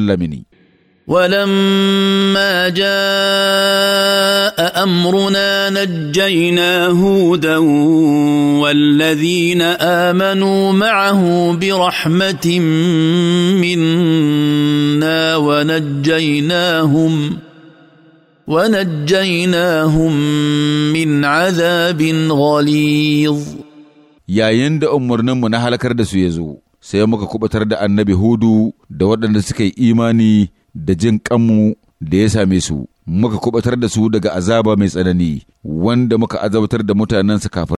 لمني ولما جاء امرنا نجينا هودا والذين امنوا معه برحمه منا ونجيناهم ونجيناهم من عذاب غليظ يا يند أمرنا من هلكر دسو يزو sai muka kubutar da annabi Hudu da waɗanda suka yi imani da jin kanmu da ya same su, muka kubutar da su daga azaba mai tsanani, wanda muka azabtar da mutanensa kafin.